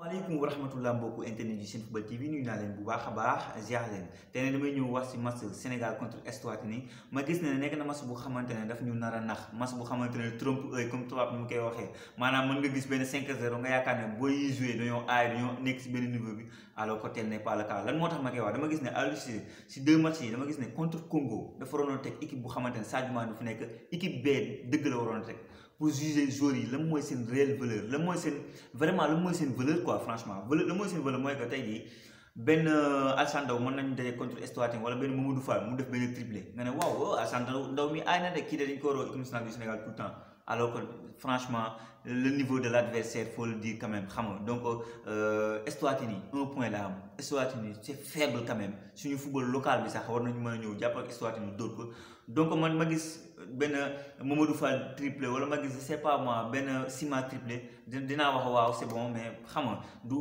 maaleykum wa rahmatullah mbokku internet yi seen football TV nuyu naa leen bu baax a baax ziar leen te ne damay ñëw wax si match Sénégal contre Eswatini ma gis ne nekk na match bu xamante ne daf ñu nar a nax match bu xamante ne trompe comme tubaab ni mu koy waxee maanaam mën nga gis benn 5-0 nga yaakaar ne booy si benn niveau moo tax ma koy wax dama gis ne Aliou Cissé si deux matchs yi dama gis ne contre Congo dafa waroon a teg équipe bu xamante ne Sadio Mané du nekk équipe B dëgg la waroon a teg pour juger joueurs yi lan mooy seen réelle valeur lan mooy seen vraiment lan mooy seen valeur quoi franchement valeur lan mooy seen valeur mooy que tey jii benn euh, Alassane Ndao mën nañu daje contre Eswatini wala benn Mamadou Fall mu def benn triplé nga ne waaw Alassane Ndao mi aay na de kii dañu ko war a équipe nationale du Sénégal tout temps. alors que franchement le niveau de l'adversaire faut le dire quand même xam donc euh Eswatini un point là am c'est faible quand même suñu football local bi sax war nañu mën ñëw japp ak Eswatini dóor donc man ma gis ben Mamadou Fall triplé wala ma gis c'est pas moi ben Sima triplé dina wax waaw c'est bon mais xam nga du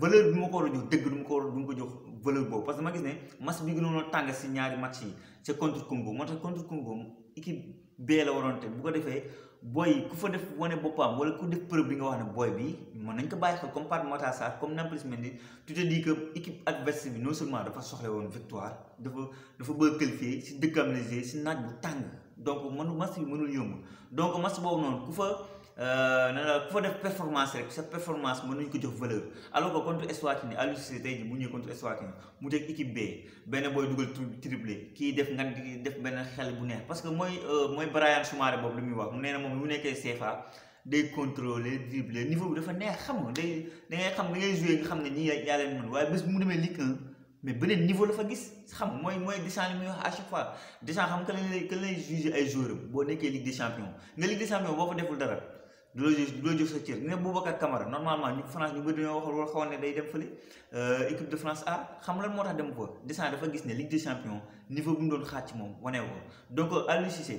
valeur du ko war a jox dëgg du ko war du ko jox valeur bo parce que ma gis né match bi gënoon a ci ñaari match yi c'est contre Congo moo contre Congo équipe B la waroon te bu ko défé boy ku fa def woné bopam wala ku def preuve bi nga wax né boy bi mën nañ ko bayyi xel comme part mota sa comme nampis mendi tu te dis que équipe adverse bi non seulement dafa soxlé won victoire dafa dafa beul qualifier ci si deukam lé si naaj bu tang donc mënu mas bi mënul yëm donc mas bobu non ku fa nee euh, na ku fa def performance rek sa performance mën nañu ko jox valeur alors que contre Eswatini Aliou Cissé tey jii bu ñëwee contre mu teg équipe B benn kii def nga def benn xel bu neex parce que mooy euh, mooy Brahim Soumaré boobu lu muy mu nee na moom bu dafa neex xam nga da ngay xam da ngay joué nga xam ne ñii mu gis xam mooy mooy Deschamps li xam que lañ boo nekkee Ligue des champions nga Ligue des champions boo fa deful dara. du la jox du la jox sa cër ne Boubacar Camara normalement ñu France ñu bëri dañoo wax xawoon ne day dem fële euh, équipe de France A xam lan moo tax dem fa descend dafa gis ne Ligue des champions niveau bu mu doon xaat ci moom wane ko donc Aliou Cissé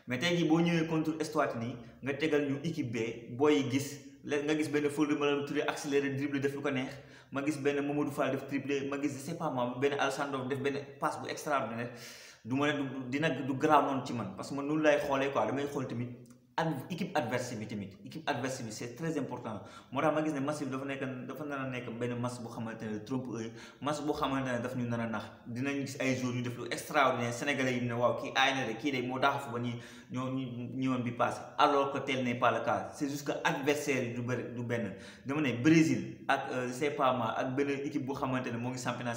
mais tey jii boo ñëwee contre Eswatini nga tegal ñu équipe B booy yi gis léegi nga gis benn Fodé Malal Touré accéléré dribble def lu ko neex ma gis benn Mamadou Fall def triplé ma gis c'est pas moi benn Alassane def benn passe bu extraordinaire du ma ne du dina du garaaw ci man parce que man noonu lay xoolee quoi damay xool tamit. équipe adverse bi tamit équipe adverse bi c'est très important moo tax ma gis ne match bi dafa nekk dafa nar a nekk benn match bu xamante ne trop match ne ne moo daax fu ba ñu bu xamante ne moo ngi championnat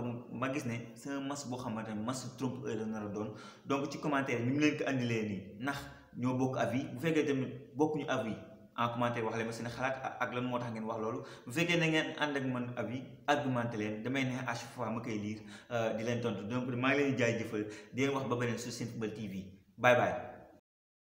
euh, ma gis ne c'est un boo xamante ne match trop la nar a doon donc ci commentaire ñu ngi leen ko andilee tëddee nii ndax ñoo bokk avis bu fekkee tamit bokkuñu avis en commentaire wax leen ma seen xalaat ak lan moo tax ngeen wax loolu bu fekkee na ngeen ànd ak man avis argumenté leen damay neex à fois ma koy lire euh, di leen tontu donc maa ngi leen di jaajëfal di leen wax ba beneen sur Senfootball TV bye bye.